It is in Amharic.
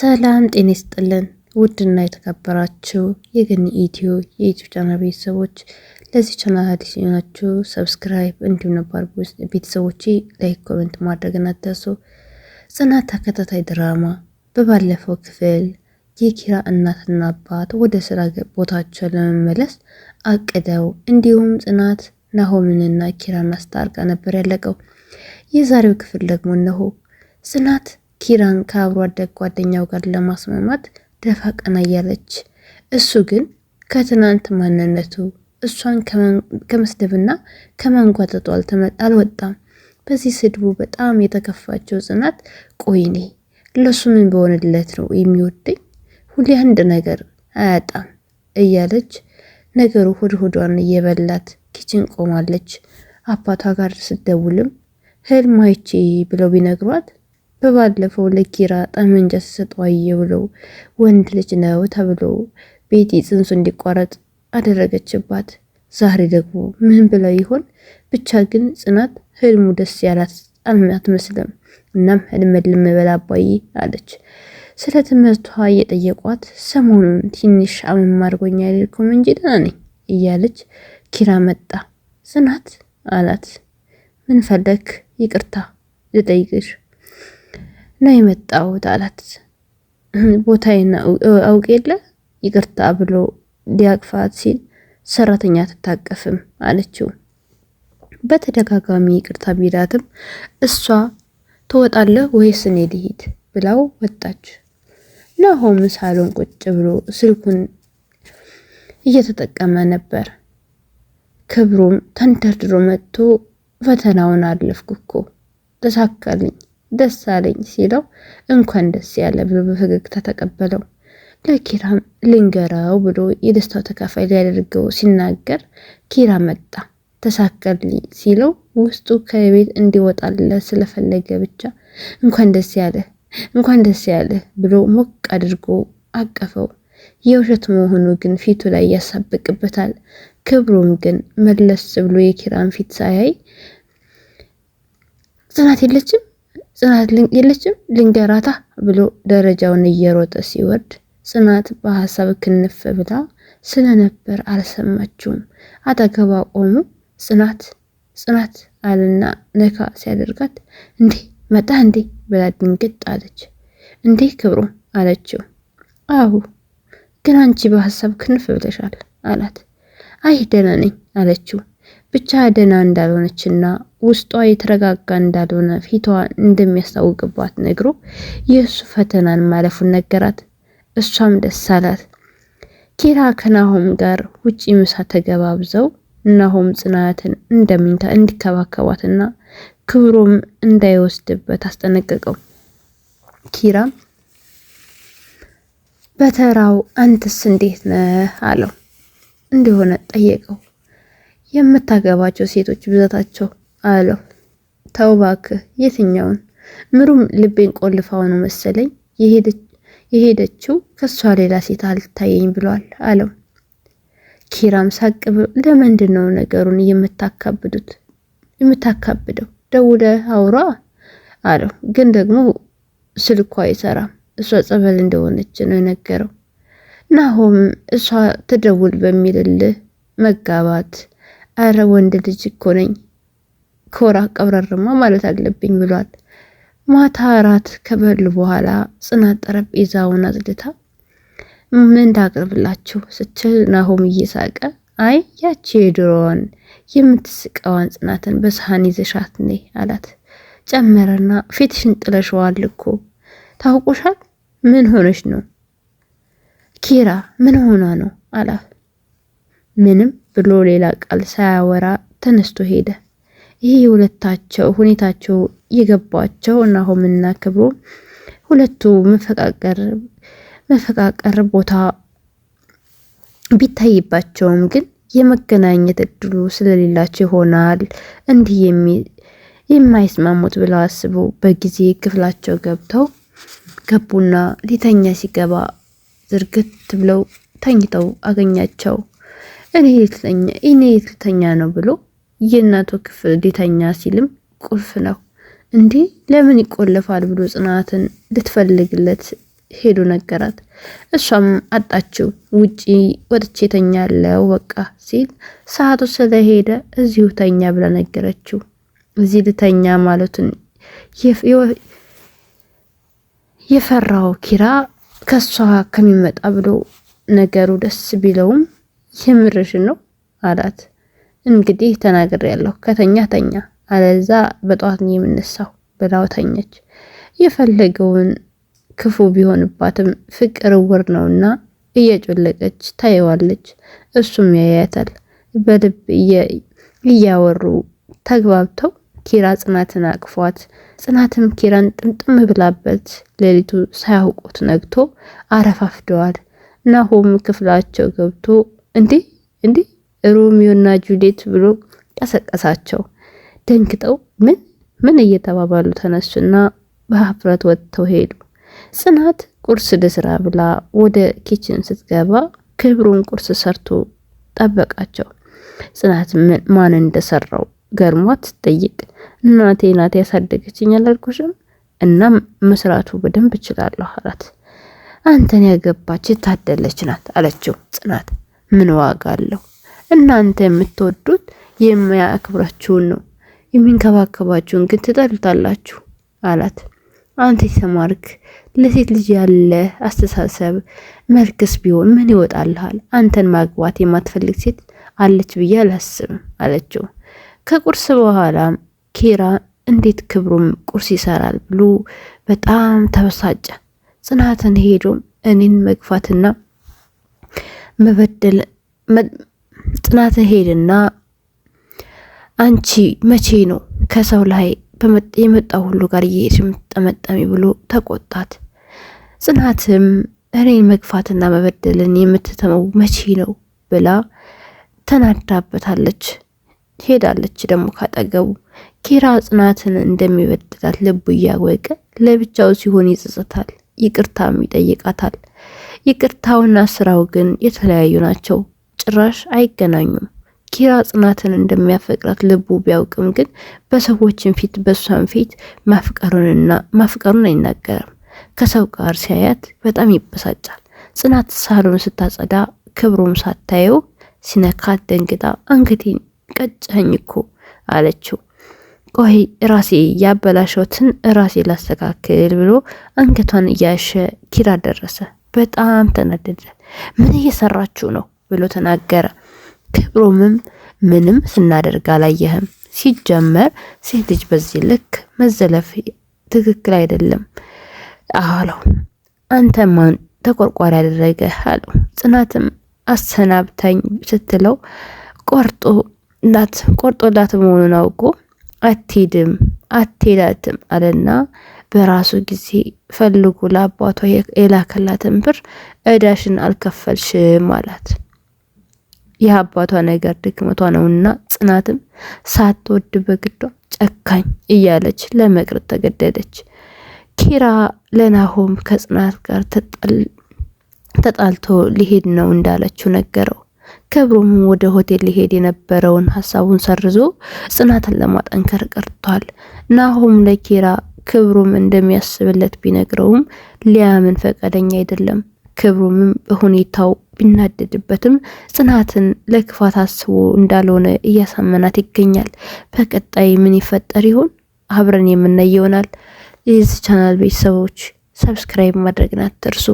ሰላም ጤና ይስጥልን። ውድና የተከበራችሁ የገኒ ኢትዮ የዩቱብ ቻናል ቤተሰቦች፣ ለዚህ ቻናል አዲስ የሆናችሁ ሰብስክራይብ፣ እንዲሁም ነባር ቤተሰቦች ላይክ፣ ኮሜንት ማድረግን አትርሱ። ጽናት ተከታታይ ድራማ በባለፈው ክፍል የኪራ እናትና አባት ወደ ስራ ቦታቸው ለመመለስ አቅደው እንዲሁም ጽናት ናሆምንና ኪራን አስታርቃ ነበር ያለቀው። የዛሬው ክፍል ደግሞ እነሆ ጽናት ኪራን ከአብሮ አደግ ጓደኛው ጋር ለማስማማት ደፋ ቀና እያለች፣ እሱ ግን ከትናንት ማንነቱ እሷን ከመስደብና ከመንጓጠጡ አልወጣም። በዚህ ስድቡ በጣም የተከፋቸው ጽናት ቆይኔ ለሱ ምን በሆንለት ነው የሚወደኝ? ሁሌ አንድ ነገር አያጣም እያለች ነገሩ ሆድ ሆዷን እየበላት ኪችን ቆማለች። አባቷ ጋር ስደውልም ህልም አይቼ ብለው ቢነግሯት በባለፈው ለኪራ ጠመንጃ ሲሰጠው አየ ብለው ወንድ ልጅ ነው ተብሎ ቤቲ ጽንሱ እንዲቋረጥ አደረገችባት። ዛሬ ደግሞ ምን ብላ ይሆን? ብቻ ግን ጽናት ህልሙ ደስ ያላት አትመስልም። እናም ህልም ህልም በላ አባዬ አለች። ስለ ትምህርቷ እየጠየቋት ሰሞኑን ትንሽ አመም አድርጎኝ እንጂ ደህና ነኝ እያለች ኪራ መጣ። ጽናት አላት ምን ፈለክ? ይቅርታ ልጠይቅሽ እና የመጣሁት አላት። ቦታዬን አውቅ የለ ይቅርታ ብሎ ሊያቅፋት ሲል ሰራተኛ አትታቀፍም አለችው። በተደጋጋሚ ይቅርታ ቢላትም እሷ ትወጣለህ ወይስ እኔ ልሂድ ብላው ወጣች። ናሆም ሳሎን ቁጭ ብሎ ስልኩን እየተጠቀመ ነበር። ክብሩም ተንደርድሮ መጥቶ ፈተናውን አለፍኩ እኮ ተሳካልኝ ደስ አለኝ ሲለው እንኳን ደስ ያለ ብሎ በፈገግታ ተቀበለው። ለኪራም ልንገራው ብሎ የደስታው ተካፋይ ሊያደርገው ሲናገር ኪራ መጣ ተሳካልኝ ሲለው ውስጡ ከቤት እንዲወጣለ ስለፈለገ ብቻ እንኳን ደስ ያለ እንኳን ደስ ያለ ብሎ ሞቅ አድርጎ አቀፈው። የውሸት መሆኑ ግን ፊቱ ላይ ያሳብቅበታል። ክብሩም ግን መለስ ብሎ የኪራን ፊት ሳያይ ጽናት የለችም ጽናት የለችም ልንገራታ ብሎ ደረጃውን እየሮጠ ሲወርድ ጽናት በሀሳብ ክንፍ ብላ ስለነበር አልሰማችውም። አጠገቧ ቆሙ። ጽናት ጽናት አልና ነካ ሲያደርጋት እንዴ መጣ እንዴ ብላ ድንግጥ አለች። እንዴ ክብሩ አለችው። አሁ ግን አንቺ በሀሳብ ክንፍ ብለሻል አላት። አይ ደህና ነኝ አለችው። ብቻ ደህና እንዳልሆነችና ውስጧ የተረጋጋ እንዳልሆነ ፊቷ እንደሚያስታውቅባት ነግሮ የእሱ ፈተናን ማለፉን ነገራት። እሷም ደስ አላት። ኪራ ከናሆም ጋር ውጪ ምሳ ተገባብዘው ናሆም ጽናትን እንደሚንታ እንዲከባከባትና ክብሮም እንዳይወስድበት አስጠነቀቀው። ኪራም በተራው አንተስ እንዴት ነህ አለው እንደሆነ ጠየቀው። የምታገባቸው ሴቶች ብዛታቸው አለው። ተው እባክህ የትኛውን? ምሩም ልቤን ቆልፋው ነው መሰለኝ የሄደችው ከሷ ሌላ ሴት አልታየኝ ብሏል አለው። ኪራም ሳቅ ብሎ ለምንድን ነው ነገሩን የምታካብዱት? የምታካብደው ደውለ አውራ አለው። ግን ደግሞ ስልኳ አይሰራም። እሷ ጸበል እንደሆነች ነው የነገረው። ናሆም እሷ ትደውል በሚልልህ መጋባት አረ ወንድ ልጅ እኮ ነኝ ኮራ ቀብረርማ ማለት አለብኝ ብሏል። ማታ እራት ከበሉ በኋላ ጽናት ጠረጴዛውን አጽድታ ምን ታቅርብላችሁ ስትል ናሆም እየሳቀ አይ ያቺ የድሮዋን የምትስቀዋን ጽናትን በሰሃን ይዘሻት ኔ አላት። ጨመረና ፊትሽን ጥለሽዋል እኮ ታውቁሻል። ምን ሆነሽ ነው ኪራ? ምን ሆና ነው አላት። ምንም ብሎ ሌላ ቃል ሳያወራ ተነስቶ ሄደ። ይህ የሁለታቸው ሁኔታቸው የገባቸው ናሆምና ክብሮ ሁለቱ መፈቃቀር ቦታ ቢታይባቸውም ግን የመገናኘት እድሉ ስለሌላቸው ይሆናል እንዲህ የማይስማሙት ብለው አስበው በጊዜ ክፍላቸው ገብተው ገቡና ሊተኛ ሲገባ ዝርግት ብለው ተኝተው አገኛቸው። እኔ የትተኛ ነው ብሎ የእናቱ ክፍል ሊተኛ ሲልም ቁልፍ ነው እንዴ ለምን ይቆለፋል ብሎ ጽናትን ልትፈልግለት ሄዱ ነገራት። እሷም አጣችው። ውጪ ወጥቼ ተኛለው በቃ ሲል ሰዓቱ ስለሄደ እዚሁ ተኛ ብላ ነገረችው። እዚህ ልተኛ ማለቱን የፈራው ኪራ ከሷ ከሚመጣ ብሎ ነገሩ ደስ ቢለውም የምርሽን ነው አላት። እንግዲህ ያለው ከተኛ ተኛ፣ አለዛ በጠዋት ነው የምነሳው ብላው ተኘች። የፈለገውን ክፉ ቢሆንባትም ፍቅር እውር ነውና እየጮለቀች ታየዋለች፣ እሱም ያያታል። በልብ እያወሩ ተግባብተው ኪራ ጽናትን አቅፏት ጽናትም ኪራን ጥምጥም ብላበት ሌሊቱ ሳያውቁት ነግቶ አረፋፍደዋል። ናሆም ክፍላቸው ገብቶ እንዴ እንዴ ሮሚዮና ጁሊየት ብሎ ቀሰቀሳቸው። ደንግጠው ምን ምን እየተባባሉ ተነሱና በሀፍረት ወጥተው ሄዱ። ጽናት ቁርስ ልስራ ብላ ወደ ኪችን ስትገባ ክብሩን ቁርስ ሰርቶ ጠበቃቸው። ጽናት ማን እንደሰራው ገርሟት ስትጠይቅ እናቴ ናት ያሳደገችኝ አላልኩሽም? እናም መስራቱ በደንብ እችላለሁ አላት። አንተን ያገባች የታደለች ናት አለችው ጽናት ምን ዋጋ አለው? እናንተ የምትወዱት የሚያክብራችሁን ነው፣ የሚንከባከባችሁን ግን ትጠሉታላችሁ አላት። አንተ የተማርክ ለሴት ልጅ ያለ አስተሳሰብ መልክስ ቢሆን ምን ይወጣልሃል? አንተን ማግባት የማትፈልግ ሴት አለች ብዬ አላስብም አለችው። ከቁርስ በኋላም ኬራ እንዴት ክብሩም ቁርስ ይሰራል ብሎ በጣም ተበሳጨ። ጽናትን ሄዶም እኔን መግፋትና መበደል ጽናት ሄድና አንቺ መቼ ነው ከሰው ላይ የመጣው ሁሉ ጋር እየሄድሽ የምትጠመጠሚ ብሎ ተቆጣት። ጽናትም እኔን መግፋትና መበደልን የምትተመው መቼ ነው ብላ ተናዳበታለች። ሄዳለች ደግሞ ካጠገቡ ኪራ ጽናትን እንደሚበድላት ልቡ እያወቀ ለብቻው ሲሆን ይጸጸታል፣ ይቅርታም ይጠይቃታል። ይቅርታውና ስራው ግን የተለያዩ ናቸው። ጭራሽ አይገናኙም። ኪራ ጽናትን እንደሚያፈቅራት ልቡ ቢያውቅም ግን በሰዎችን ፊት በሷን ፊት ማፍቀሩንና ማፍቀሩን አይናገርም። ከሰው ጋር ሲያያት በጣም ይበሳጫል። ጽናት ሳሎን ስታጸዳ ክብሩም ሳታየው ሲነካት ደንግጣ አንገቴን ቀጨኝ እኮ አለችው። ቆይ ራሴ ያበላሸውትን ራሴ ላስተካክል ብሎ አንገቷን እያሸ ኪራ ደረሰ። በጣም ተናደደ። ምን እየሰራችሁ ነው ብሎ ተናገረ። ክብሮምም ምንም ስናደርግ አላየህም። ሲጀመር ሴት ልጅ በዚህ ልክ መዘለፍ ትክክል አይደለም አለው። አንተ ማን ተቆርቋሪ ያደረገ አለው። ጽናትም አሰናብታኝ ስትለው ቆርጦ ላት ቆርጦላት መሆኑን አውቆ አትሄድም አትሄዳትም አለና በራሱ ጊዜ ፈልጉ ለአባቷ የላከላትን ብር እዳሽን አልከፈልሽም አላት። የአባቷ ነገር ድክመቷ ነውና ጽናትም ሳትወድ በግዷ ጨካኝ እያለች ለመቅረት ተገደደች። ኪራ ለናሆም ከጽናት ጋር ተጣልቶ ሊሄድ ነው እንዳለችው ነገረው። ክብሩም ወደ ሆቴል ሊሄድ የነበረውን ሀሳቡን ሰርዞ ጽናትን ለማጠንከር ቀርቷል። ናሆም ለኪራ ክብሩም እንደሚያስብለት ቢነግረውም ሊያምን ፈቃደኛ አይደለም። ክብሩምም በሁኔታው ቢናደድበትም ጽናትን ለክፋት አስቦ እንዳልሆነ እያሳመናት ይገኛል። በቀጣይ ምን ይፈጠር ይሆን? አብረን የምናየው ይሆናል። የዚህ ቻናል ቤተሰቦች ሰብስክራይብ ማድረግን አትርሱ።